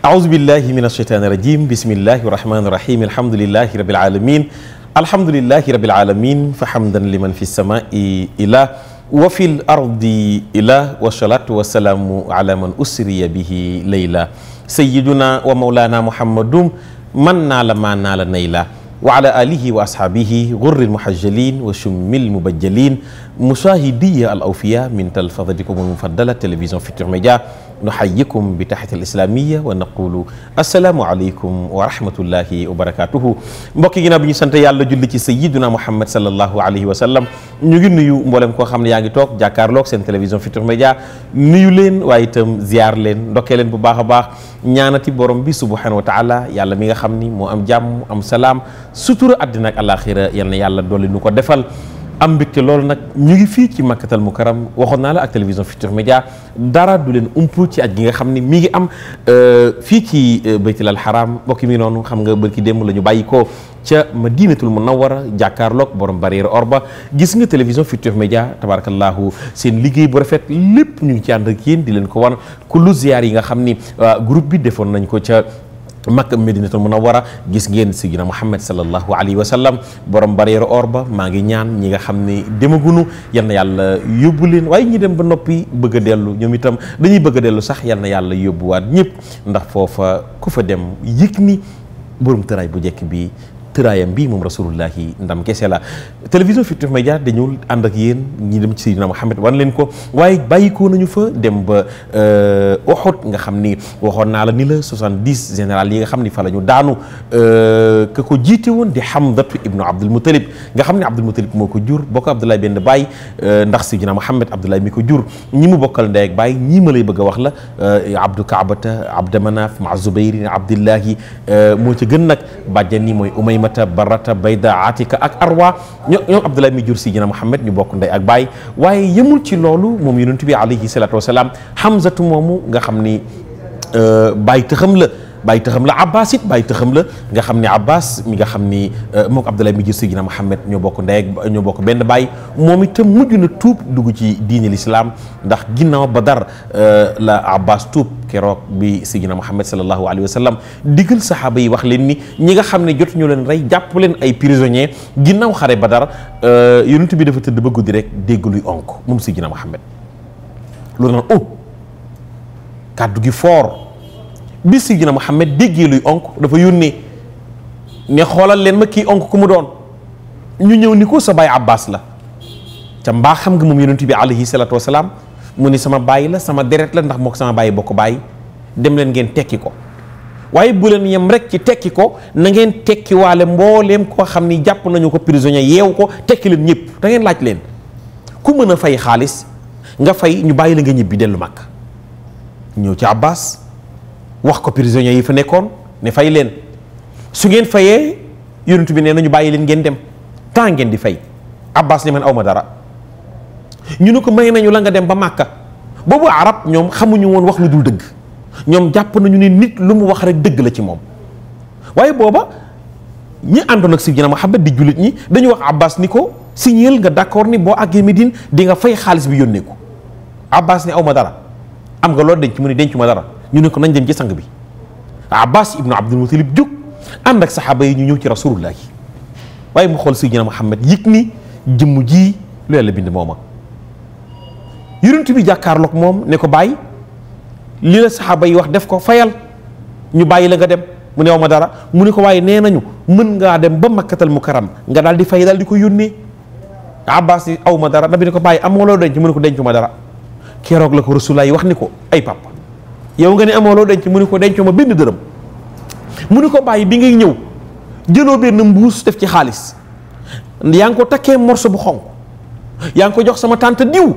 aousubillahi min asheytaani irajim bismillahi irrahmani irrahim alhamdulilahi rabil alamin alhamdulilahi rabil alamin fa hamdan liman fi samaai ila wa fi l ardi ila wasalatu wasalaamu ala man usriya bihi layla sayiduna wa maulana muhammadum man naa la maa naa la nayla wa ala alihi wa ashaabihi gurri lmuhajjalin wa summi lmubajjalin musaahidiya al awfiya min talfadatikum almufaddala télévision Futurs Médias nuxayikum bi taxit al islamiyya wa naqulu assalaamu aleykum wa rahmatullahi wa barakatuhu mbokki ginnaaw bi ñu sant yàlla julli ci sayiduna muhammad sallallahu alayhi wa sallam ñu ngi nuyu mboolem koo xam ne yaa ngi toog jàkkaarloog seen télévision Futurs Médias nuyu leen waaye itam ziar leen ndokkee leen bu baax a baax ñaanati borom bi subhanahu wa taala yàlla mi nga xam ni moo am jàmm am salaam sutura àddina ak àlaxira yal na yàlla dolli nu ko defal am mbégte loolu nag ñu ngi fii ci Makkatal Mukarram waxoon naa la ak télévision Futurs Médias dara du leen ump ci aj gi nga xam ni mi ngi am euh, fii ci euh, Baytil al Haram mbokk mi noonu xam nga bërki démb la ñu bàyyi ko ca Madinatul Munawwara jàkkaarloog borom barrière or ba gis nga télévision Futurs Médias tabarakallahu seen liggéey bu rafet lépp ñu ngi ci ànd ak di leen ko war ku lu ziyaar yi nga xam ni euh, groupe bi defoon nañ ko ca. Makka Medinatul a gis ngeen Sayyidina Muhammad sallallahu alayhi wa sallam borom bareeru or ba maa ngi ñaan ñi nga xam ne demagunu yal na yàlla yóbbu leen waaye ñi dem ba noppi bëgg a dellu ñoom itam dañuy bëgg dellu sax yal na yàlla yóbbuwaat ñëpp ndax foofa ku fa dem yëg ni borom tëraay bu njëkk bii tëraayam bi moom rasulullahi ndam kese la télévision Futurs Médias dañu ànd ak yéen ñi dem ci Seydina Muhammad wan leen ko waaye bàyyikoo nañu fa dem ba euh, Uhud nga xam ni waxoon naa la ni la 70 général yi nga xam ni fa la ñu daanu euh, ka ko jiite woon di Hamdatu ibnu Abdul Muttalib nga xam ne Abdul Muttalib moo ko jur bokk Abdoulaye benn baay euh, ndax Seydina Muhammad Abdoulaye mi ko jur ñi mu bokkal ndey ak baay ñii ma lay bëgg a wax la Abdou Kaabata Abdamanaf ma Zubayrin Abdillahi fatimata barata bayda atika ak arwa ño ñoom abdoulaye mi jur si dina mouhammad ñu bokk ndey ak baay waaye yëmul ci loolu moom yonent bi alayhi salatu wasalaam hamzatu moomu nga xam ni euh, baay tëxam la bàyyi taxam la Abbas it bàyyi taxam la nga xam ni Abbas mi nga xam ni moo euh, mook Abdoulaye mi jur Seydina Mouhamed ñoo bokk ndey ak ñoo bokk benn baay moom itam mujj na tuub dugg ci diine l'islam ndax ginnaaw Badar euh, la Abbas tuub keroog bi Seydina Mouhamed sallallahu alayhi wa sallam digal saxaaba yi wax leen ni ñi nga xam ne jot ñu leen rey jàpp leen ay prisonniers ginnaaw xare ba Badar euh, yonent bi dafa tëdd ba guddi rek dégg luy onk moom Seydina Mouhamed loolu nag oh kàddu gi fort. bis si gina Muhammad déggee luy onk dafa yónnee ne xoolal leen ma kii onk ku mu doon ñu ñëw ni ko sa baay Abbas la ca mbaa xam nga moom yonent bi alayhi salaatu wasalaam mu ni sama baay la sama deret la ndax mook sama baay bokk bàyyi dem leen ngeen tekki ko waaye bu leen yem rek ci tekki ko na ngeen tekki waale mbooleem koo xam ni jàpp nañu ko prisonnier yeewu ko tekki leen ñëpp da ngeen laaj leen ku mën a fay xaalis nga fay ñu bàyyi la nga ñibbi dellu mag ñëw ci Abbas wax ko prisonniers yi fa nekkoon ne fay leen su ngeen fayee yonent bi nee nañu bàyyi leen ngeen dem temps ngeen di fay Abbas ne man aw ma dara ñu ne ko may nañu la nga dem ba Màkka boobu arab ñoom xamuñu woon wax lu dul dëgg ñoom jàpp nañu ne nit lu mu wax rek dëgg la ci moom waaye booba ñi àndoon ak Sayyidina Muhammad di jullit ñi dañu wax Abbas ni ko si signal nga d'accord ni boo àggee Médine di nga fay xaalis bi yónnee ko Abbas ne aw ma dara am nga loolu denc mu ne dencu ma dara ñu ne ko nañ dem ci sang bi abbas ibnu abdul mutalib jóg ànd ak saxaaba yi ñu ñëw ci rasulullah yi waaye mu xool sayyidina muhammad yëg ni jëmm ji lu bind mooma yonent bi jàkkaarloog moom ne ko bàyyi li la saxaaba yi wax def ko fayal ñu bàyyi la nga dem mu ne ma dara mu ne ko waaye nee nañu mën ngaa dem ba makkatal mukarram nga daal di fay daal di ko yónnee abbas ni aw ma dara nabi ne ko bàyyi amoo loo denc mu ne ko dencu ma dara keroog la ko rasulullah yi wax ni ko ay papa yow nga ne amoo loo denc mu ni ko dencoo ma benn dërëm mu ni ko bàyyi bi ngay ñëw jëloo benn mbuus def ci xaalis yaa ngi ko takkee morso bu xonq yaa ngi ko jox sama tante diw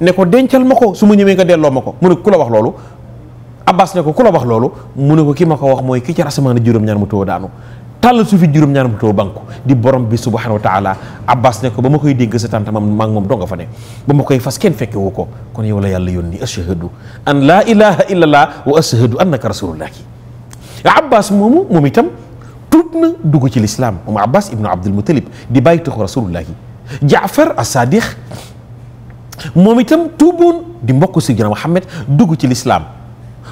ne ko dencal ma ko su ma ñëwee nga delloo ma ko mu ne ku la wax loolu Abbas ne ko ku la wax loolu mu ne ko ki ma ko wax mooy ki ci asamaan juróom-ñaar mu taw daanu tàllal suufi juróom ñaanam too banku di borom bi subhanahu wa taala ne ko ba ma koy dégg sa tanta mam maa ngi moom donga fa ba ma koy fas kenn fekke wu ko kon yow la yàlla yónni ashhadu an laa ilaha illallah wa ashhadu annaka rasulullahi abbas moomu moom itam tuub na dugg ci lislaam moom abbas ibnu abdul di bàyyi taxu rasulullahi jaafar as-sadiq moom itam tuuboon di mbokk si jona Muhammad dugg ci lislaam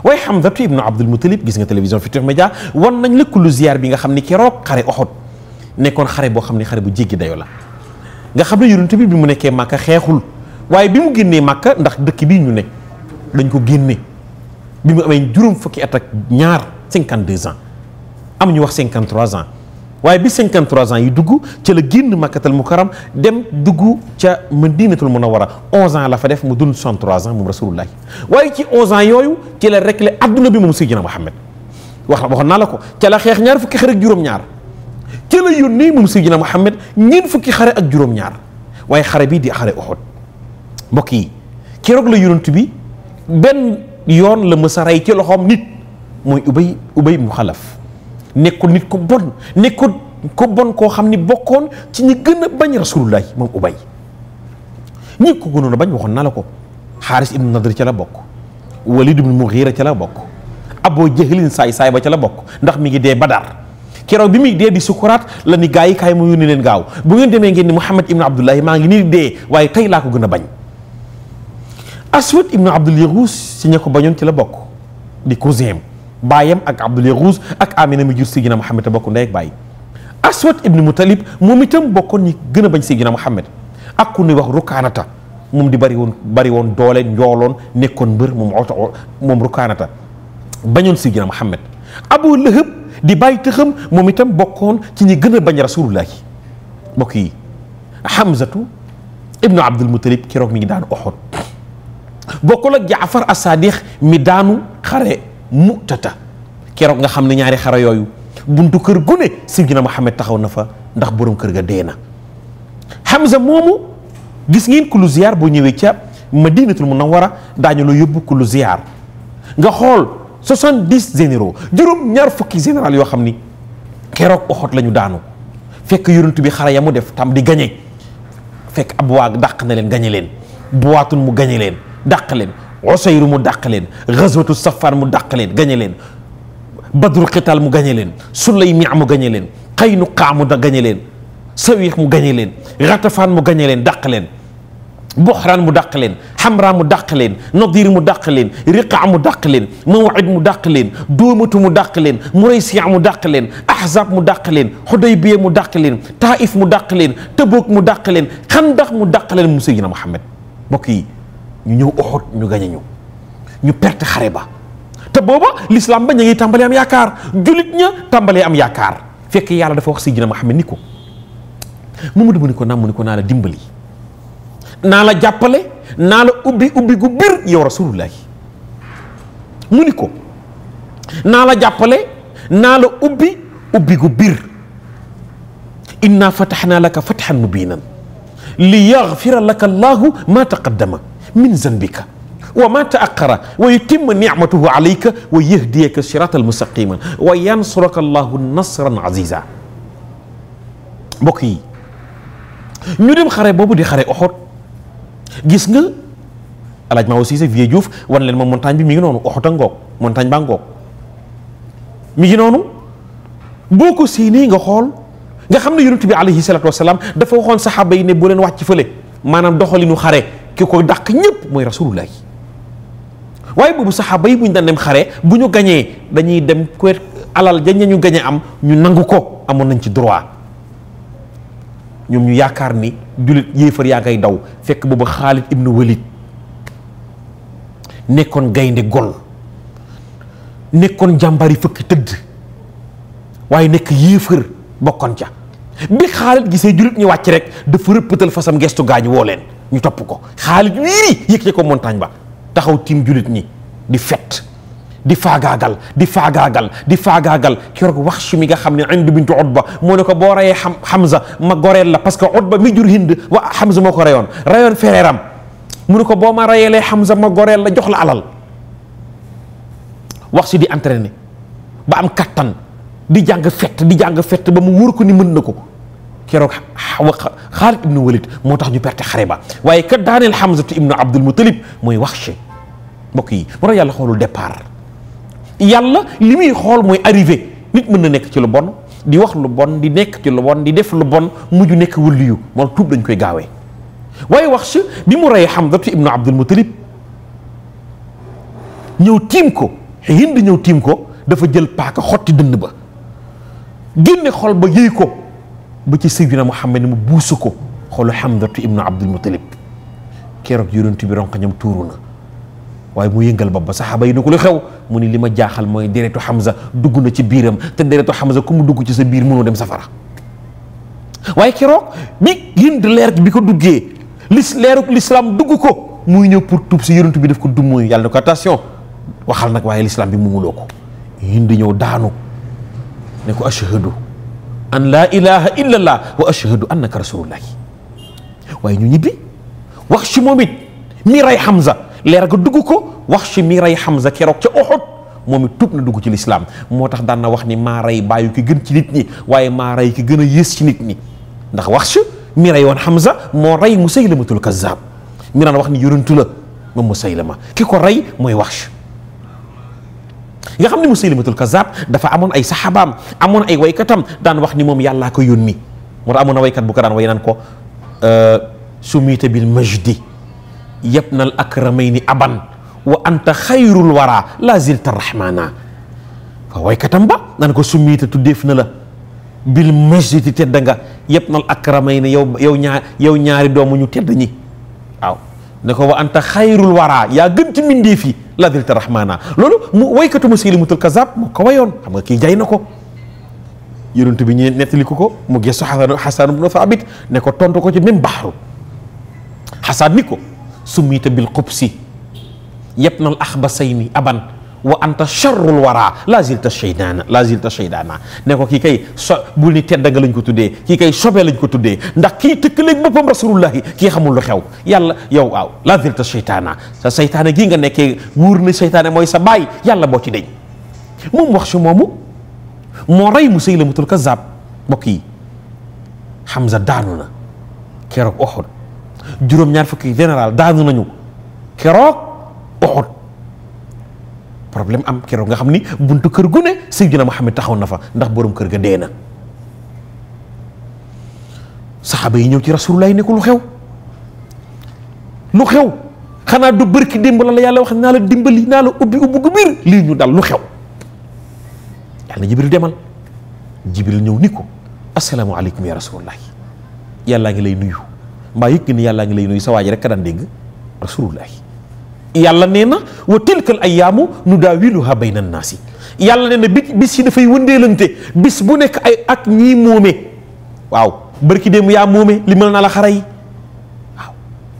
waaye Hamdatu ibnu Abdul Mutalib gis nga télévision Futur Média wan nañ lëkkalu ziar bi nga xam ne keroog xare Uhud nekkoon xare boo xam ne xare bu jéggi dayo la nga xam ne yonent bi bi mu nekkee màkka xeexul waaye bi mu génnee màkka ndax dëkk bii ñu nekk dañ ko génne bi mu amee juróom fukki at ak ñaar 52 ans am ñu wax 53 ans waaye bi 53 ans yi dugg ca la génn makkatal mukarram dem dugg ca madinatul munawwara 11 ans la fa def mu dund 63 ans moom rasulullah waaye ci 11 ans yooyu ci la réglé adduna bi moom sayyidina Muhammad wax la waxoon naa la ko ca la xeex ñaar fukki xare ak juróom-ñaar ca la yónnee moom sayyidina Muhammad ñeent fukki xare ak juróom-ñaar waaye xare bii di xare Uhud mbokk yi keroog la yonent bi benn yoon la mës a rey ci loxoom nit mooy ubay ubay mu xalaf nekkul nit ko bon nekkul ku bon koo xam ni bokkoon ci ñi gën a bañ rasulullah moom ubay ñi ko gënoon a bañ waxoon naa la ko xaaris ibnu nadr ca la bokk walid ibnu mughira ca la bokk aboo jahlin saay saay ba ca la bokk ndax mi ngi dee badar keroog bi muy dee di sukuraat la ni gaa yi kaay mu yónni leen gaaw bu ngeen demee ngeen ni muhammad ibnu abdullahi maa ngi nii dee waaye tey laa ko gën a bañ aswad ibnu abdul yaguus si ña ko bañoon ci la bokk di cousin baayam ak Abdoulaye Rouge ak Amina mi jur Seydina Mohamed bokk ndey ak baay Aswad ibnu moom itam bokkoon gën a bañ Seydina Mohamed ak ku ñuy wax Rukaanata moom di bari bari woon doole njooloon nekkoon mbër moom moom Rukaanata bañoon Seydina Mohamed Abu Lahab di bàyyi tëxam moom itam bokkoon ci ñi gën a bañ rasulullahi mbokk yi Hamzatu ibnu Abdul Mutalib keroog mi ngi daan Uhud bokkul ak Jaafar as mi daanu xare mu'tata keroog nga xam ne ñaari xara yooyu buntu kër gu ne Seydina Muhammad taxaw na fa ndax borom kër ga dee na Hamza moomu gis ngeen ku lu ziar boo ñëwee ca Madinatul Munawwara daañu la yóbbu ku lu ziar nga xool soixante-dix généraux juróom ñaar fukki général yoo xam ni keroog oxot la ñu daanu fekk yonent bi xare ya mu def tam di gañe fekk ab waag dàq na leen gañe leen bu buwaatul mu gañe leen dàq leen Usayru mu dàq leen xaswatu Safar mu dàq leen gañe leen badru xital mu gañe leen sulaymi mu gañe leen xaynuqaa mu gañe leen sawiix mu gañe leen ratafaan mu gañe leen dàq leen buxraan mu dàq leen xamra mu dàq leen nadir mu dàq leen riqaa mu dàq leen mawid mu dàq leen dóomatu mu dàq leen muraysiya mu dàq leen ahzab mu dàq leen xudaybiya mu dàq leen taif mu dàq leen tëboog mu dàq leen xandax mu dàq leen mu sayyidina Muhammad mbokk yi ñu ñëw oxot ñu gañe ñu perte xare ba te booba lislaam ba ñu ngi tàmbali am yaakaar jullit ña tàmbalee am yaakaar fekk yàlla dafa wax Sayyidina Muhammad ni ko Mamadu mu ni ko naam mu ni ko naa la dimbali naa la jàppale naa la ubbi ubbi gu bir yow rasulullahi mu ni ko naa la jàppale naa la ubbi ubbi gu bir inna fatahnaa laka fathan mubiinan li yaghfira laka allahu ma taqaddama min zanbika wa ma taaqara wa yutimma nicmatahu alayka wa yahdiyaka siratan mustaqiman wa yansuraka allahu nasran aziza mbokk yi ñu dem xare boobu di xare oxot gis nga alaaj maa aussi sa vieux wan leen ma montagne bi mi ngi noonu oxota ngoog montagne baa ngoog mi ngi noonu boo ko séenee nga xool nga xam ne yonent bi alayhi salatu wasalaam dafa waxoon saxaaba yi ne bu leen wàcc fële maanaam doxalinu xare ki ko dàq ñëpp mooy rasulullah yi waaye boobu saxaaba yi bu ñu dem xare bu ñu gañee dañuy dem ku alal jañ ñu gañe am ñu nangu ko amoon nañ ci droit ñoom ñu yaakaar ni jullit yéefar yaa ngay daw fekk boobu Xaalid ibnu Walid nekkoon gaynde gol nekkoon jàmbari fëkk tëdd waaye nekk yéefar bokkoon ca bi Xaalid gisee jullit ñu wàcc rek dafa rëppatal fasam gestu gaañu woo leen ñu topp ko Xaalid wiiri yëkkati ko montagne ba taxaw tiim jullit ñi di fet di faagaagal di faagaagal di faagaagal keroog wax su mi nga xam ne Hind bintu Utba moo ne ko boo reyee xam Hamza ma goreel la parce que Utba mi jur Hind wa Hamza moo ko reyoon reyoon fereeram mu ne ko boo ma reyeelee Hamza ma goreel la jox la alal wax si di entraîné ba am kattan di jàng fett di jàng fett ba mu wóor ko ni mën na ko keroog Xaalid ibnu Walid moo tax ñu perte xare ba waaye kat daaneel Hamzatu ibnu Abdul Mutalib mooy Wahshi mbokk yi moo tax yàlla xoolul départ yàlla li muy xool mooy arrivé nit mën na nekk ci lu bon di wax lu bon di nekk ci lu bon di def lu bon mujj nekk wëliyu moom tuub dañ koy gaawee waaye Wahshi bi mu rey Hamzatu ibnu Abdul Mutalib ñëw tiim ko di ñëw tiim ko dafa jël paaka xotti dënd ba génne xool ba yëy ko. ba ci Seydina Muhammad mu buusu ko xoolu Hamdatu ibnu Abdul Mutalib keroog yonent bi ronqañam tuuru na waaye mu yëngal bopp ba saxaaba yi ni ko lu xew mu ni li ma jaaxal mooy deretu Hamza dugg na ci biiram te deretu Hamza ku mu dugg ci sa biir mënoo dem safara waaye keroog bi yënd leer bi ko duggee lis leeruk l'islam dugg ko muy ñëw pour tuub si yonent bi def ko dum mooy yàlla na ko attention waxal nag waaye l'islam bi mu muloo ko yënd ñëw daanu ne ko ashhadu an laa ilaha illa allah wa ashhadu annaka waaye ñu ñibbi wax si moom it mii rey Hamza leer ga dugg ko wax si mii ray Hamza keroog ca Uhud moom it tuub na dugg ci lislaam moo tax daan na wax ni maa ray bàyyu ki gën ci nit ñi waaye maa ray ki gën a yées ci nit ñi ndax wax si mi ray woon Hamza moo rey mu ray Musaylamatul Kazzaab mi daan wax ni yonentu la moom Musaylama ki ko ray mooy wax nga xam ne musaylimatul kazaab dafa amoon ay saxaabaam amoon ay waykatam daan wax ni moom yàllaa ko yónni moo tax amoon na waykat bu ko daan way naan ko euh, sumita bil majdi yabnal akramayni aban wa anta xayrul la zilta rahmana fa waykatam ba ko sumita tuddeef na la bil majdi di tedd nga yabnal akramayni yow yow ñaar yow ñaari doomu ñu tedd ne wa anta xayrul wara yaa gën ci mbindeef yi ladilta rahmana loolu mu waykatu mu kazab moo ko wayoon xam nga kii jay na ko yonent bi ñu nettaliku ko mu gëstu xasan xasan ibnu thabit nekko ko tontu ko ci même baxru xasaan ni ko summita bil qubsi yebnal axbasayni aban wa anta charrul wara la zilta shaydaana la zilta shaydaana ne ko kii kay so bul ni tedda nga lañ ko tuddee kii kay sobee lañ ko tuddee ndax kii tëkkaleeg boppam rasulullahi kii xamul lu xew yàlla yow waaw la zilta shaytaana sa saytaane gii nga nekkee wóor na saytaane mooy sa baay yàlla boo ci deñ moom wax si moomu moo rey mu Musaylamatul Kazzab mbokk yi Hamza daanu na keroog Uhud juróom-ñaar fukki général daanu nañu keroog Uhud problème am keroog nga xam ni buntu kër gu ne xam ne taxaw na fa ndax boroom kër ga dee na saxaaba yi ñëw ci rasulullah yi ne ko lu xew lu xew xanaa du bërki démb la la yàlla wax naa la dimbali naa la ubbi ubbi gu lii ñu dal lu xew yàlla jibril demal jibril ñëw ni ko asalaamaaleykum ya rasulullah yàllaa ngi lay nuyu mbaa yëg nga ni ngi lay nuyu sa waa ji rek ka daan dégg rasulullah yàlla nee na wa tilkal ayyaamu nu daawiluha bayna naasi yàlla nee na bi bis yi dafay wëndeelante bis bu nekk ay ak ñii moome waaw bërki démb yaa moome li mel na la xara yi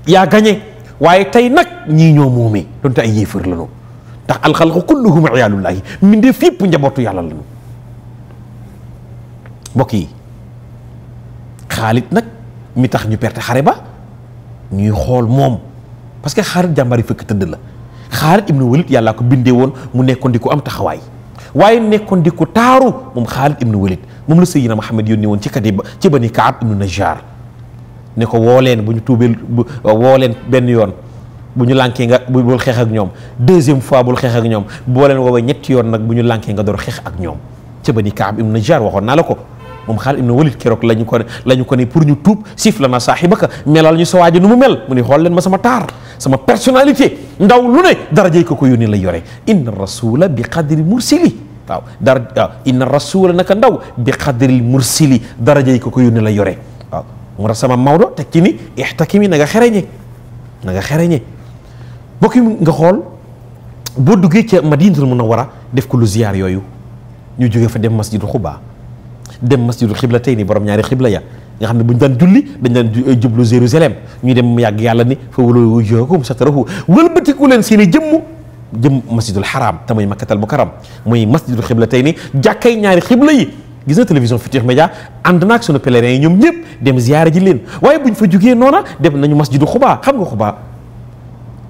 yaa gañe waaye tey nag ñii ñoo moome donte ay yéefar la ñu ndax alxalqu kulluhum iyaalullahi mbindeef yëpp njabootu yàlla la ñu mbokk yi Xaalid nag mi tax ñu perte xare ba ñuy xool moom parce que Xaalid jàmbar yi fëkk tëdd la Xaalid ibnu Walid yàllaa ko bindee woon mu nekkoon di ko am taxawaay waaye nekkoon di ko taaru moom Xaalid ibnu Walid moom la Seydina Muhammad yónni woon ci kati ci bani Kaab ibnu Najjar ne ko woo leen bu ñu tuubee woo leen benn yoon bu ñu lànkee nga bu bul xeex ak ñoom deuxième fois bul xeex ak ñoom boo leen woowee ñetti yoon nag bu ñu lànkee nga door xeex ak ñoom ca bani Kaab ibnu Najjar waxoon naa la ko moom Xaalid ibn Walid keroog la ñu ko ne ko ne pour ñu tuub sif la na saaxibaka melal ñu sa waaji nu mu mel mu ne xool leen ma sama taar sama personnalité ndaw lu ne darajey ko ko yónni la yore inna rasula bi qadri mursili waaw dara waaw inna rasula naka ndaw bi qadri mursili darajey ko ko yónni la yore waaw mu tax sama Maodo teg ci ni ixtakimi na nga xereñe na nga xereñe bokki nga xool boo duggee ca Madinatul Munawwara def ko lu ziyaar yooyu ñu jóge fa dem masjidul Xubaa dem masjidul xiblatayni borom ñaari xibla ya nga xam ne bu ñu daan julli dañ daan eh, jublu Jérusalem ñuy dem yàgg yàlla ni fa wala wujuhakum satarahu wëlbatiku leen seen i jëmm jëm masjidul haram te muy makkatal mukarram muy masjidul xiblatayni jàkkay ñaari xibla yi gis na télévision Futurs Médias ànd naag sunu pèlerins yi ñoom ñëpp dem ziyaara ji leen waaye buñ fa jugee noona dem nañu masjidu xubaa xam nga xubaa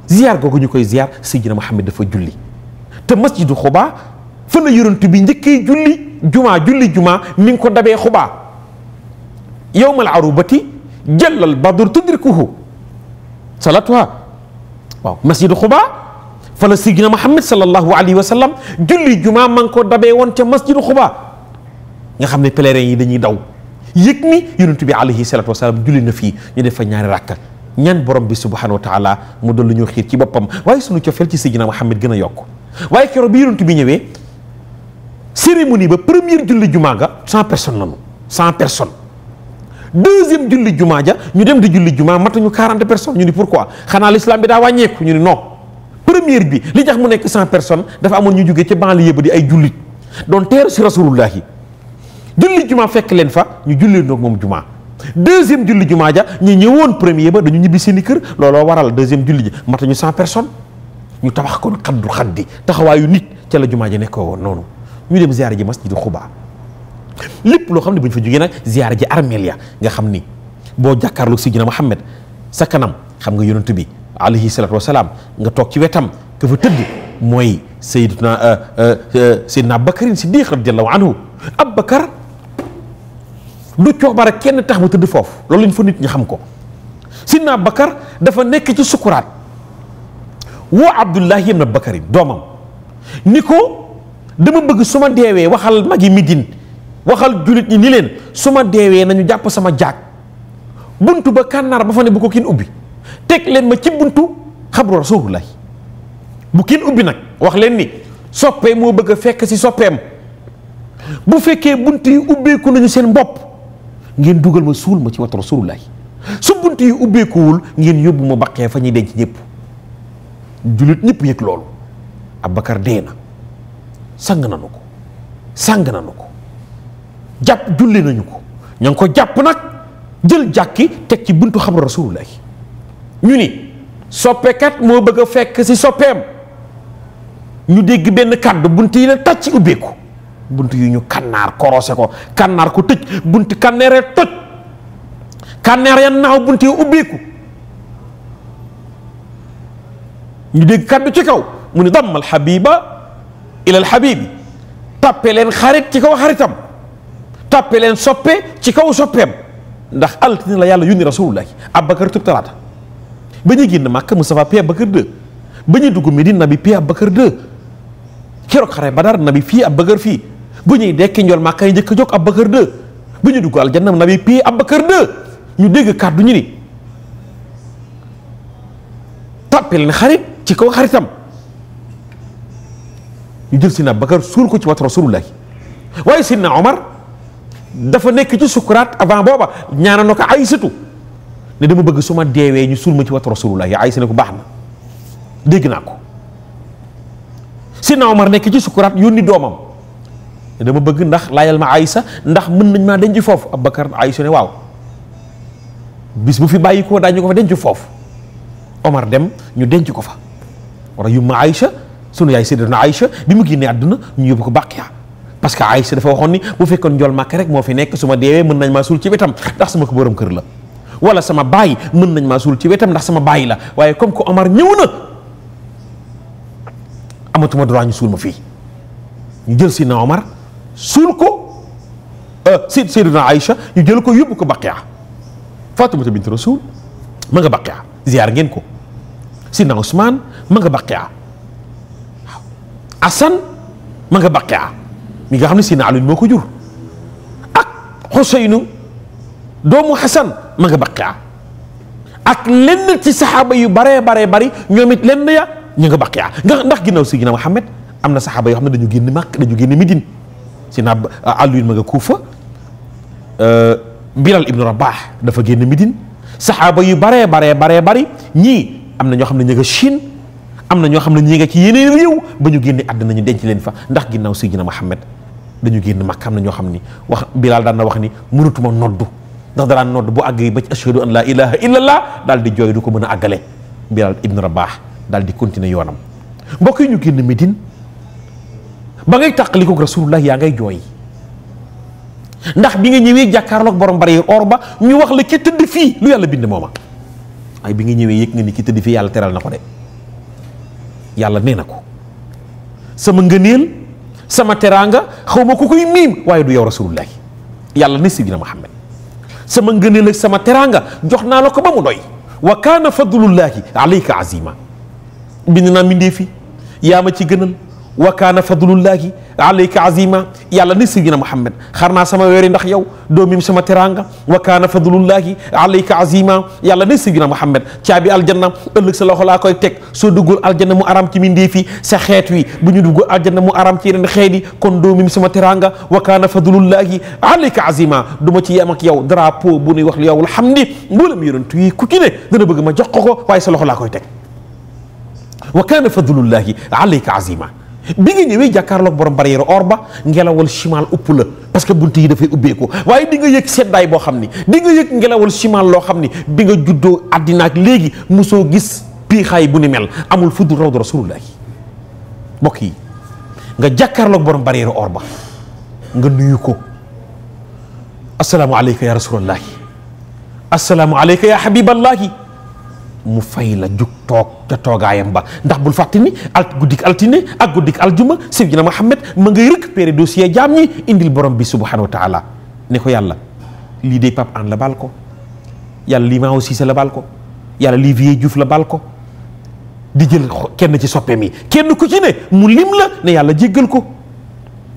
ziyaar kooku ñu koy ziyaar Seydina Muhammad dafa julli te masjidu xubaa fa la bi njëkkee julli jumaa julli jumaa mi ngi ko dabee xubaa yowmal arubati jëllal badru tudrikuhu salatuha waaw masjidu xubaa fa la sidina Muhammad sallallahu alayhi wa sallam julli jumaa ma ngi ko dabee woon ca masjidu xubaa nga xam ne pèlerin yi dañuy daw yëg ni yonent bi alayhi salatu wasalaam julli na fii ñu def fa ñaari rakka ñaan borom bi subhanahu wa taala mu dolli ñoo xiir ci boppam waaye sunu cofeel ci sidina Muhammad gën a yokk waaye keroog bi yonent bi ñëwee cérémonie ba première julli jumaa ga cent personnes la ñu cent personnes deuxième julli jumaa ja ñu dem di julli jumaa matuñu quarante personnes ñu ni pourquoi xanaa l'islam bi daa wàññeeku ñu ni non première bi li tax mu nekk cent personne dafa amoon ñu jógee ci banlieue ba di ay jullit doon teeru si rasulullah yi julli jumaa fekk leen fa ñu jullee noog moom jumaa deuxième julli jumaa ja ñu ñëwoon premier ba dañu ñibbi seeni kër looloo waral deuxième julli ji matuñu cent personnes ñu tabax kon xaddu xaddi taxawaayu nit ca la jumaa ja nekkoo woon noonu ñu dem ziyaara ji masjidu xubaa lépp loo xam ne bu ñu fa jógee nag ziyaara ji armeel ya nga xam ni boo jàkkaarloog Sidina Muhammad sa kanam xam nga yonent bi alayhi salaatu wasalaam nga toog ci wetam ka fa tëdd mooy sayyiduna sayyidina Bakarin Siddiq radiallahu anhu bakar du coobara kenn tax bu tëdd foofu loolu lañ fa nit ñi xam ko Sidina Bakar dafa nekk ci sukkuraat woo Abdullahi ibn Bakarin doomam ni ko dama bëgg su ma deewee waxal yi midin waxal jullit yi ni leen su ma deewee nañu jàpp sama jaag buntu ba kànnaar ba fa ne bu ko kenn ubbi teg leen ma ci buntu xabru rasulullahi bu kenn ubbi nag wax leen ni soppee moo bëgg a fekk si soppeem bu fekkee bunt yi ubbeeku nañu seen mbopp ngeen dugal ma suul ma ci wat rasulullahi su bunt yi ubbeekuwul ngeen yóbbu ma baqee fa ñuy denc ñëpp jullit ñëpp yëg loolu Abubakar dee na sang nañu ko sang nañu ko jàpp julli nañu ko ña ngi ko jàpp nag jël jàkki teg ci buntu xabru rasulullah ñu ni soppekat moo bëgg a fekk si soppeem ñu dégg benn kàddu bunt yi ne ci ubbeeku bunt yu ñu kànnaar korose ko kànnaar ko tëj bunt kànneeree toj kànneer ya naaw bunt yi ubbeeku ñu dégg kàddu ci kaw mu ni dammal habiba ilal habibi tàppe leen xarit ci kaw xaritam tàppe leen soppe ci kaw soppeem ndax altine la yàlla yónni rasulullah Abubakar tub talaata ba ñuy génn Màkka Moustapha pi Abubakar 2 ba ñuy dugg Medine nabi pi Abubakar 2 keroog xare Badar nabi fii Abubakar fii bu ñuy dekki njool Màkka yi njëkk a jóg Abubakar 2 bu ñuy dugg aljanna nabi pi Abubakar 2 ñu dégg kàddu ñu ni tàppe leen xarit ci kaw xaritam ñu jël Sidna Bakar suul ko ci wat rasulullahi waaye na Omar dafa nekk ci sukkuraat avant booba ñaanal na ko Aysatu ne dama bëgg suma ma deewee ñu suul ma ci wat rasulullahi Aysa ne ko baax na dégg naa ko Sidna Omar nekk ci sukkuraat yónni doomam ne dama bëgg ndax laajal ma Aysa ndax mën nañ maa denc foofu Abubakar Aysa ne waaw bis bu fi bàyyi ko daañu ko fa denc foofu Omar dem ñu denc ko fa war a yumma Aysa sunu yaay Sayyidatuna Aïcha bi mu génnee àdduna ñu yóbbu ko Baqiya parce que Aïcha dafa waxoon ni bu fekkoon njool màkk rek moo fi nekk su ma deewee mën nañ maa suul ci wetam ndax sama ko borom kër la wala sama baay mën nañ maa suul ci wetam ndax sama baay la waaye comme ko Omar ñëw na amatuma droit ñu suul ma fii ñu jël Seydina Omar suul ko euh, Seyd Sayyidatuna Aïcha ñu jël ko yóbbu ko Baqiya Fatimata bint Rasul ma nga Baqiya ziar ngeen ko Seydina Ousmane ma nga Baqiya Assane ma nga baqe a mi nga xam ne Sina Alioune moo ko jur ak Xuseynu doomu Xasan ma nga baqe a ak lenn ci saxaaba yu baree baree bari ñoom it lenn ya ñu nga baqe a ndax ginnaaw Sayyidina Muhammad am na saxaaba yoo xam ne dañu génn Makka dañu génn Midine Sina Alioune ma nga Kuufa euh, Bilal Ibnu Rabah dafa génn Midine saxaaba yu baree baree baree bari ñii am na ñoo xam ne ñu nga Chine. am na ñoo xam ne ñi nga ci yeneen réew ba ñu génne àddina ñu denc leen fa ndax ginnaaw Seydina Muhammad dañu génn Makka am na ñoo xam ni wax Bilaal daan na wax ni mënatuma noddu ndax daraan nodd bu àgg ba ci ashhadu an laa ilaha illa allah daal di jooy du ko mën a àggale Bilaal ibn Rabah daal di continuer yoonam mbokk ñu génn Médine ba ngay li tàqalikook rasulullah yaa ngay jooy ndax bi nga ñëwee jàkkaarloog borom bari or ba ñu wax la ki tëdd fii lu yàlla bind mooma ay bi nga ñëwee yëg nga tëdd fii yàlla teral na ko de yàlla nee na ko sama ngëneel sama teraanga xaw ma ku koy miim waaye du yow rasulullahi yàlla ne sidina Muhammad sama ngëneel ak sama teraanga jox naa la ko ba mu doy wa kaana fadlullahi alayka azima bind naa mindee fi yaa ma ci gënal wa kaana fadlullahi alayka azima yàlla ni sayyidina Muhammad xar naa sama weeri ndax yow doomim sama teraanga wa kaana fadlullahi alayka azima yàlla ni sayyidina Muhammad caabi aljanna ëllëg sa loxo laa koy teg soo duggul aljanna mu aram ci mindeef sa xeet wi bu ñu duggul aljanna mu aram ci yeneen xeet yi kon doomim sama teraanga wa kaana fadlullahi alayka azima du ma ci yem ak yow drapeau bu nuy wax yow alhamdi mboolem yonent yi ku ci ne dana bëgg ma jox ko ko waaye sa loxo laa koy teg wa kaana fadlullahi alayka azima bi nga ñëwee jàkkaarloog borom barrière or ba ngelawal chimal upp la parce que bunt yi dafay ubbeeku waaye di nga yëg seddaay boo xam ni di nga yëg ngelawal chimal loo xam ni bi nga juddoo àddina léegi musoo gis piixaay bu ni mel amul fuddul rawdu rasulullah mbokk yi nga jàkkaarloog borom barrière or ba nga nuyu ko asalaamu aleyka ya rasulallahi asalaamu aleyka ya habiballahi mu fay la jug toog ca toogaayam ba ndax bul fàtte ni alt guddik altine ak guddik aljuma Seydina Muhammad ma ngay récupérer dossier jaam ñi indil borom bi subhanahu wa taala ne ko yàlla lii dey Pape Hann la baal ko yàlla lii Maawo Siise la baal ko yàlla lii Vieux Diouf la baal ko di jël kenn ci soppeem mi kenn ku ci ne mu lim la ne yàlla jéggal ko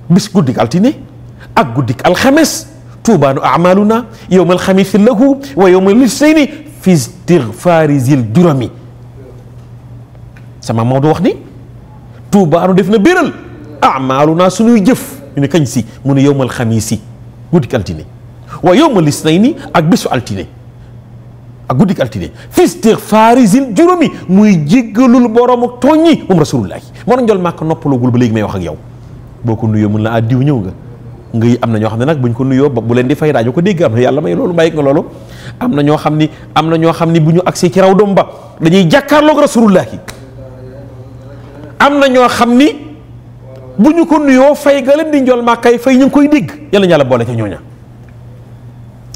bis guddik altine ak guddik alxames tuubaanu amaluna yowma alxamisi lahu wa yowma liseyni fistighfaari zil juróomi sama Maodo wax ni tuubaanu def na béral amaalu naa suñuy jëf ñu ne kañ si mu ne yowmal xamiisi guddik altine wa yowmal isnayni ak bésu altine ak guddik altine fistighfaari zil juróomi muy jéggalul borom ak tooñ yi moom rasulullahi moo doon jël màkk noppalagul ba léegi may wax ak yow boo ko nuyoo mun la ah ñëw nga. ngi am na ñoo xam ne nag buñ ko nuyoo bu leen di fay daañu ko dégg am na yàlla am na ñoo xam ni am na ñoo xam ni bu ñu agsee ci raw doom ba dañuy jàkkaarloog rasulullah yi am na ñoo xam ni bu ñu ko nuyoo fay ga leen di njool màkkay fay ñu ngi koy dégg yàlla ñàlla boole ca ñooña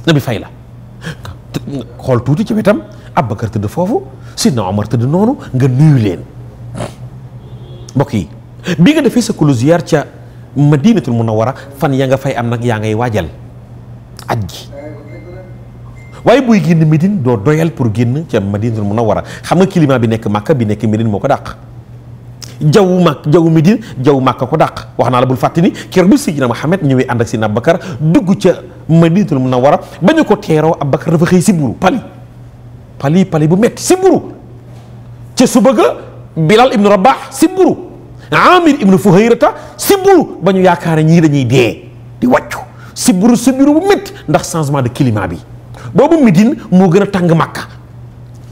nabi fay la xool tuuti ci a Abubakar tëdd foofu Sidna Omar tëdd noonu nga nuyu leen mbokk yi nga defee sa kulu ziyaar ca madinatul munawwara fan ya nga fay am nag yaa ngay waajal aj gi waaye buy génn Médine doo doyal pour génn ca Madinatul Munawwara xam nga climat bi nekk Màkka bi nekk Médine moo ko dàq jaww Màkk jaww Médine jaww Màkka ko dàq wax naa la bul fàtte ni keroog bi Seydina Muhammad ñëwee ànd ak Seydina Abubakar dugg ca Madinatul Munawwara ba ñu ko teeroo Abubakar dafa xëy si buru pali pali pali bu metti si buru ca suba ga Bilal ibnu Rabah si buru amir ibnu fuhayrata siburu ba ñu yaakaare ñii dañuy dee di wàccu siburu sibiru bu métti ndax changement de climat bi boobu midin moo gën a tàng màkka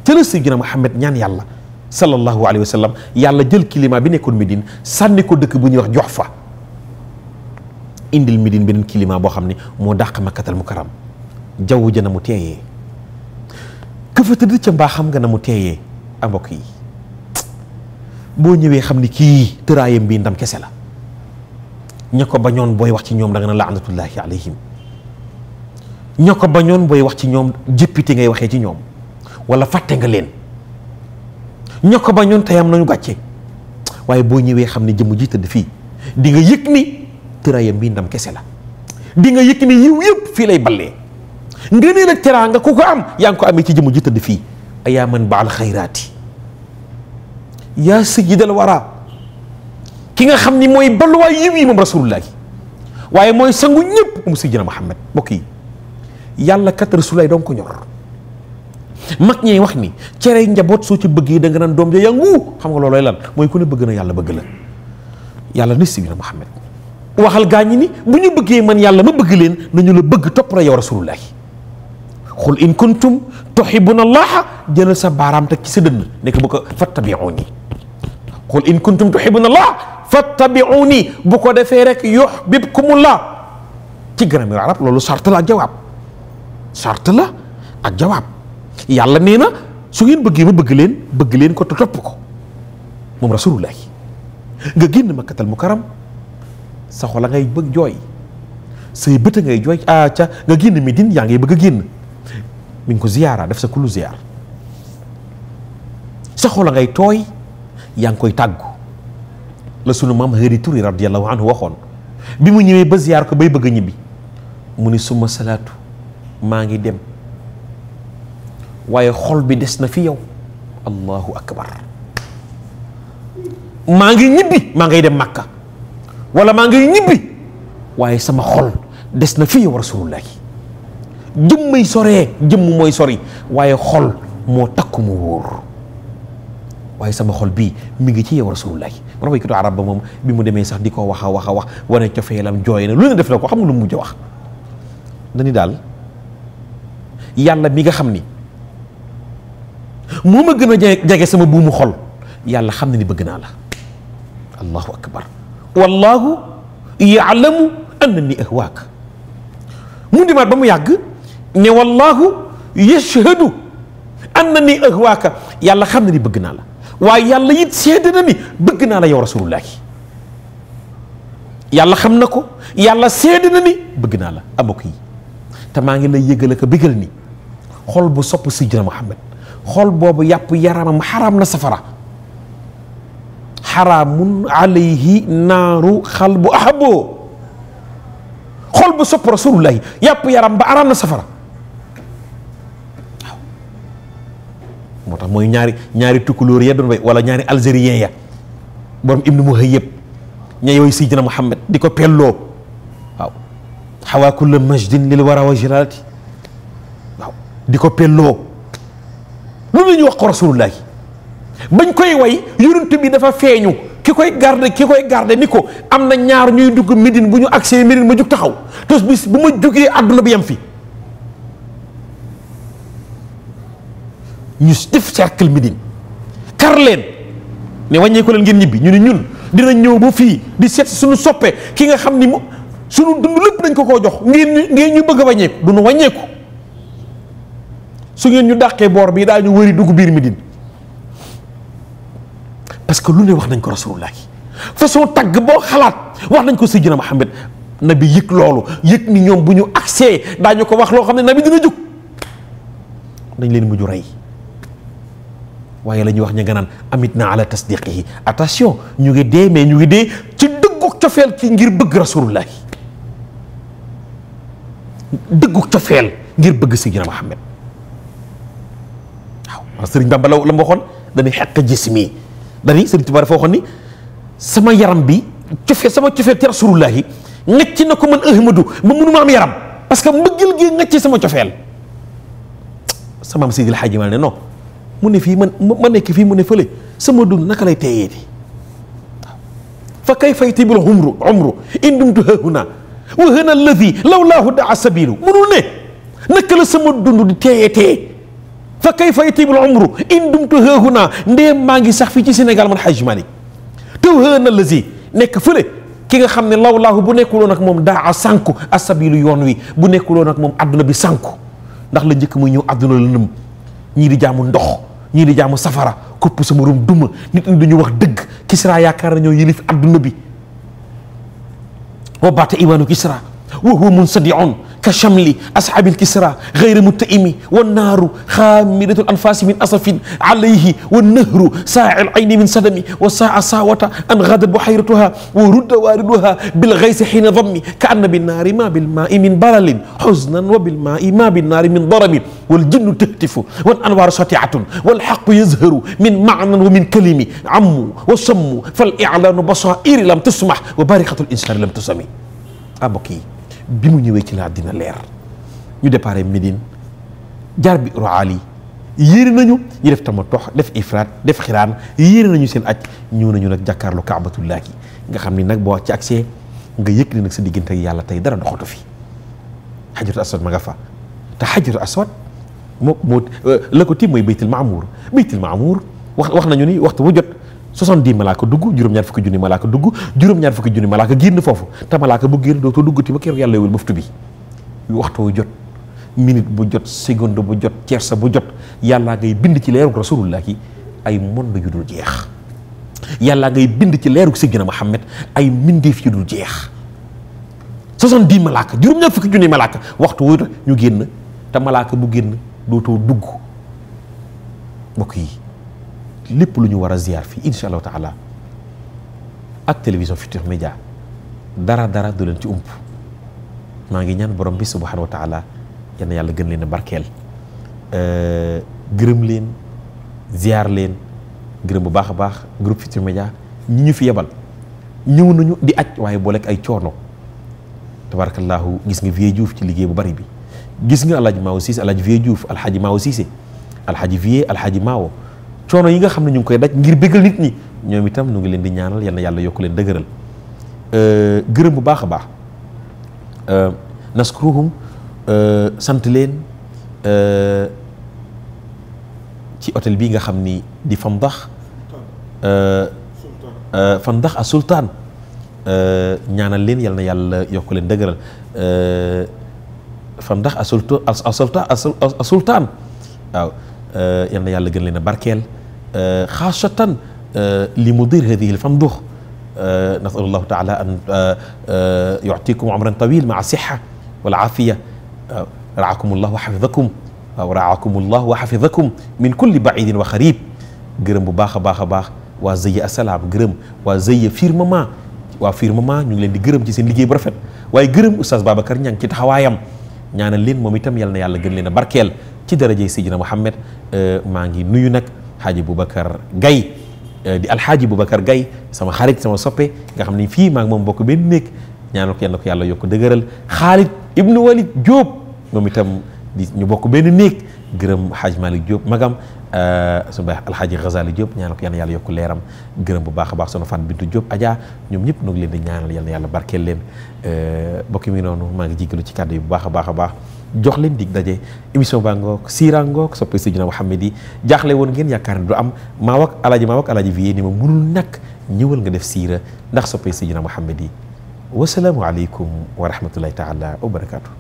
ca la sayyidina Muhammad ñaan yàlla sallallahu alayhi wa yàlla jël climat bi nekkoon midin sànni ko dëkk bu ñuy wax jox fa indil midin beneen climat boo xam ne moo dàq makkatal mukarram jaww ja na mu teeyee këfa tëdd ca mbaa xam nga na mu teeyee a yi boo ñëwee xam ni kii tëraayam bii ndam kese la ña ko bañoon booy wax ci ñoom da nga na laanatullahi alayhim ña ko bañoon booy wax ci ñoom jëppite ngay waxee ci ñoom wala fàtte nga leen ña ko bañoon tey am nañu gàcce waaye boo ñëwee xam ne jëmm ji tëdd fii di nga yëg ni tëraayam bii ndam kese la di nga yëg ni yiw yëpp fii lay bale nga ne la teraanga ku ko am yaa ngi ko amee ci jëmm ji tëdd fii ayaa man baal xayraati yaa sayyidal wara ki nga xam ni mooy balluwaay yiw yi moom rasulullah yi waaye mooy sangu ñëpp um sayyidina Muhammad mbokk yi yàlla kat rasulullah doon ko ñor mag ñi wax ni cere njaboot soo ci bëggee da nga naan doom ja yangu xam nga loolooy lan mooy ku ne bëgg na yàlla bëgg la yàlla ni sayyidina Muhammad waxal gaa ñi ni bu ñu bëggee man yàlla ma bëgg leen nañu la bëgg topp la yow rasulullah xul in kuntum tuhibbuna allaha jëlal sa baaraam teg ci sa dën nekk bu ko qul in kuntum tuhibbuuna allah fattabi'uuni bu ko defee rek yuhbibkumullah ci grammaire arab loolu sart la ak jawaab sart la ak jawaab yàlla nee na su ngeen bëggee ma bëgg leen bëgg leen ko te topp ko moom rasulullah nga génn makkatal mukarram sa xol a ngay bëgg jooy say bët a ngay jooy ah ca nga génn Medine yaa ngay bëgg a génn mi ngi ko ziyaara def sa kullu ziyaar sa xol a ngay tooy. yaa ngi koy tàggu la sunu maam Xëri Turi radiyallahu anhu waxoon bi mu ñëwee ba ziyaar ko bay bëgg a ñibbi mu ni suma salaatu maa ngi dem waaye xol bi des na fi yow allahu akbar maa ngi ñibbi maa ngay dem màkka walla maa ngay ñibbi waaye sama xol des na fi yow rasulullahi jëmmay soree jëmm mooy sori waaye xol moo takku mu wóor waaye sama xol bii mi ngi ci yow rasulullah man waykatu mu demee sax di ko wax a wax a wax wane cofeelam jooy na lu ne def na ko xam nga lu mu mujj wax dañu daal yàlla mi nga xam ni moo ma gën a jege sama buumu xol yàlla xam na ni bëgg naa la allahu akbar wallahu yaalamu ba mu yàgg ne wallahu yashhadu annani yàlla xam na ni bëgg naa la waaye yàlla yit seede na ni bëgg naa la yow rasulullahi yàlla xam na ko yàlla seede na ni bëgg naa la abok ah, te maa ngi lay yëgal ak a bégal ni xol bu sopp Sayyidina Muhammad xol boobu yàpp yaramam xaraam na safara xaraamun alayhi naaru xal bu ahaboo xol bu sopp rasulullahi yàpp yaram ba aram na safara tax mooy ñaari ñaari tukkulóor ya doon bay wala ñaari algérien ya borom ibnu muhayyib ña yooyu sidina muhammad di ko pelloo waaw xawaa kulla majdin lil wara wa jilalati waaw di ko pelloo lu la wax ko rasulullah bañ koy way yonent bi dafa feeñu ki koy garde ki koy garde ni ko am na ñaar ñuy dugg Médine bu ñu agsee Médine ma jug taxaw tos bu ma jugee àdduna bi yam fi ñu def cercle Médine kar leen ne wàññee ko leen ngeen ñibbi ñu ne ñun dina ñëw ba fii di seet suñu soppee ki nga xam ni mu suñu dund lépp dañ ko koo jox ngeen ngeen ñu bëgg a wàññeeku du ñu wàññeeku su ngeen ñu dàqee boor bii daa ñu wëri dugg biir Médine parce que lu ne wax nañ ko rasulullah façon tagg boo xalaat wax nañ ko sayyidina Muhammad nabi yëg loolu yëg ni ñoom bu ñu agsee daañu ko wax loo xam ne nabi dina jug dañ leen mujj rey waaye la ñuy wax ñu nga naan amit na tasdiqihi attention ñu ngi dee mais ñu ngi dee ci dëggu cofeel ci ngir bëgg rasulullah dëggu cofeel ngir bëgg Sayyidina Muhammad waaw sëriñ Bamba la mu waxoon dañuy xeq jismi dañuy sëriñ Tuubaa dafa waxoon sama yaram bi cofeel sama cofeel ci rasulullah yi ngecc na ko man ahmadu ma mënuma am yaram parce que mbëggal gi ci sama cofeel sama am Seydil Haaji ma ne non mu ne fii man ma nekk fii mu ne fële sama dund naka lay teeyee di fa kay fay tibul umru umru indumtu hahuna wa hana alladi law laahu daa sabilu munul ne naka la sama dund di teeyee teeyee fa kay fay tibul umru indumtu hahuna ndee maa ngi sax fii ci Sénégal man Hadj Malick taw hana nekk fële ki nga xam ne law laahu bu nekkuloon ak moom daa sànku asabilu yoon wi bu nekkuloon nag moom àdduna bi sànku ndax la njëkk muy ñëw àdduna la lëm ñii di jaamu ndox ñii di jaamu safara kopp sa morom duma nit ñi wax dëgg Kisra yaakaar nañoo yilif adduna bi wa baata imaanu Kisra wa ka chamli ashaabil kisra xayra mutaimi wa naaru xaamidatul anfaasi min asafin alayhi wa nahru saail ayni min sadami wa saa saawata an gadat buhayratuha wa rudda waariduha bil gaysi xiina dammi ka anna bi naari ma bil maai min baralin xusnan wa bil maai ma bi naari min darabin wal jinnu tahtifu wal anwaaru satiatun wal xaqu yazharu min maanan wa min kalimi ammu wa sammu fal ilaanu basairi lam tusmax wa bariqatu l insaani lam tusami ah mbokk yi bi mu ñëwee ci laa dina leer ñu déparé Médine jaar bi roali yéere nañu ñu def tamatoox def ifraat def xiraan yére nañu seen aj ñëw nañu nag jàkkaarloo kaabatullaahi nga xam ni nag boo ci see nga yëkk ni nag sa diggante yàlla tey dara doxatu fi xajarul aswad ma nga fa te xajarul aswad moo moo euh, la ko tiim mooy baytul maamuur baytul maamuur wax wax nañu ni waxtu bu jot soixante-dix malaaka dugg juróom-ñaar fukki junni malaaka dugg juróom-ñaar fukki junni malaaka génn foofu te malaaka bu génn dootoo duggati ba keroog yàlla yowul buftu waxtu wu jot minute bu jot seconde bu jot tierce bu jot yàllaa bind ci leerug rasulullah ki ay monde yu dul jeex yàllaa ngay bind ci leerug Sayyidina Muhammad ay mbindeef yu dul jeex soixante-dix malaaka juróom-ñaar fukki waxtu wu ñu génn te malaaka bu génn dootoo dugg mbokk yi lépp lu ñu war a ziar fii incha allahu taala ak télévision Futurs Médias dara dara du leen ci ump maa ngi ñaan borom bi subhanahu wa taala yal na yàlla gën leen a barkeel euh, gërëm leen ziar leen gërëm bu baax a baax groupe Futurs Médias ñi ñu fi yebal ñëw nañu di aj waaye booleeg ay coono tabarakallahu gis nga Vieux Diouf ci liggéey bu bari bi gis nga alhaji Maawo Cissé alhaji Vieux Diouf alhaji Maawo Cissé alhaji Vieux alhaji Maawo coono yi nga xam ne ñu ngi koy daj ngir bëggal nit ñi ñoom itam ñu ngi leen di ñaanal yal na yàlla yokk leen dëgëral euh, gërëm bu baax a baax euh, naskruhum euh, sant leen ci hôtel bii nga xam ni di Fandax Fandax a sultaan ñaanal leen yal na yàlla yokk leen dëgëral Fandax a sultaan waaw yal na yàlla gën leen a barkeel خاصة لمدير هذه الفندق نسأل الله تعالى أن يعطيكم عمرا طويل مع الصحة والعافية رعاكم الله وحفظكم ورعاكم الله وحفظكم من كل بعيد وخريب gërëm bu baax a baax a baax waa Zeye asalaam gërëm waa Zeye firmement waa firmement ñu ngi leen di gërëm ci seen liggéey bu rafet waaye gërëm oustaz Babacar Niang ci taxawaayam ñaanal leen moom itam yal na yàlla gën leen a barkeel ci darajey Seydina Mouhamed euh, maa ngi nuyu nag xaaji Boubacar Gaye euh, di alxaaji Boubacar gay sama xarit sama soppe nga xam ne fii maa ngi moom bokk benn néeg ñaanal ko yàlla ko yàlla yokk dëgëral Xaalid ibnu Walid Diop itam di ñu bokk benn néeg gërëm xaaj Malick Diop magam euh, su baax alxaaji Ghazali Diop ñaanal ko yàlla yokk leeram gërëm bu baax a baax sono fan bintu Diop Adja ñoom ñëpp ñu leen di ñaanal yàlla yàlla barkeel leen euh, mbokk mi noonu maa ngi jéggalu ci kàddu yi bu baax a baax a baax jox leen dig daje émission baa ngoog siira ngoog soppe Seydina Muhammad yi jaaxle woon ngeen yaakaar ne du am maaw ak alaaji maaw ak alaaji vie ni ma munul nag ñëwal nga def siira ndax soppe Seydina Muhammad yi wasalaamu aleykum wa rahmatullahi taala wa barakaatu.